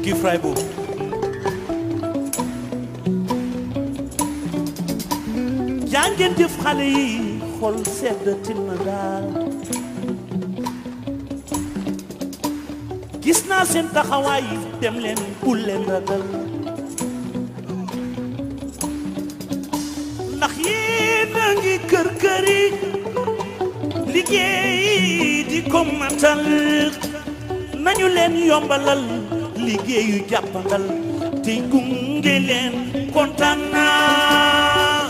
Thank you, Freiburg. yaa xale yi xol sedd til na daal gis naa seen taxawaay dem leen bul leen ragal ndax yéen a ngi kër kër yi di ko matal nañu leen yombalal liggéeyu jàppandal tey gunge leen kontaan naa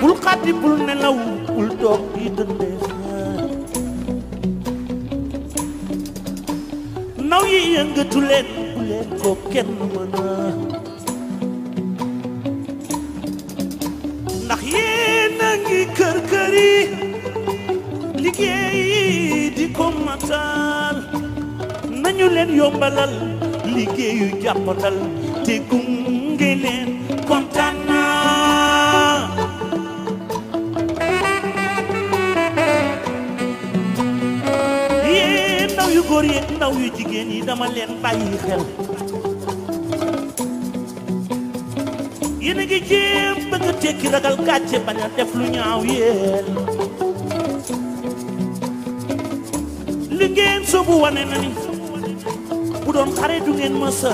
bul xaddi bul nelaw bul toog di dëndee naw yi yëngatu leen bu leen ko kenn mën a misaal nañu leen yombalal liggéeyu jàppandal te gunge leen kontaan naa yee ndaw yu góor yee ndaw yu jigéen yi dama leen bàyyi xel yéen a ngi jéem bëgg a tekki ragal gàcce bañ ñaaw yéen ngeen soobu wane na ni bu doon xare du ngeen mës a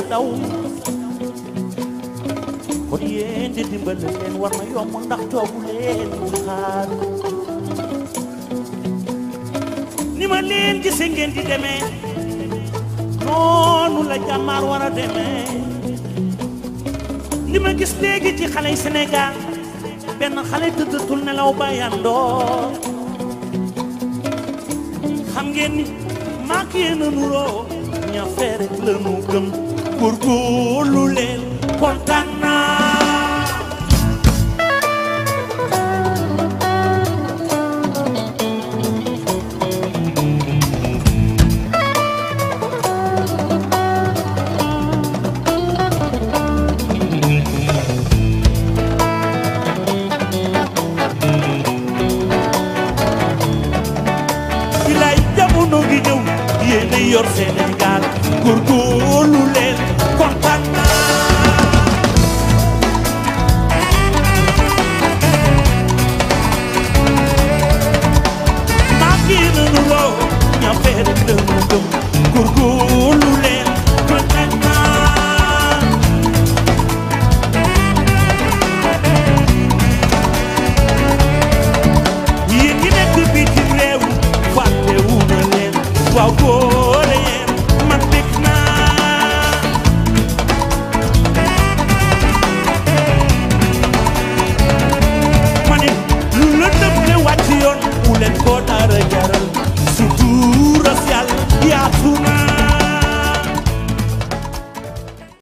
yéen di dimbal leen war na yomb ndax toogu leen mu xaar ni ma leen gisee ngeen di demee noonu la jàmmaar war a demee li ma gis léegi ci xale yi Sénégal benn xale tëddatul nelaw ba yàndoo xam ngeen ni màggee nanu roo ña feerek lanu gëm góorgóorlu leen kontaan naa Bilay jamono gi yor Sénégal góorgóorlu leen kontaan naa maa ngi leen loo ña fee rek la mu gëm góorgóorlu leen kontaan naa yéen ñi nekk bitim réew fàttewu na leen waaw góor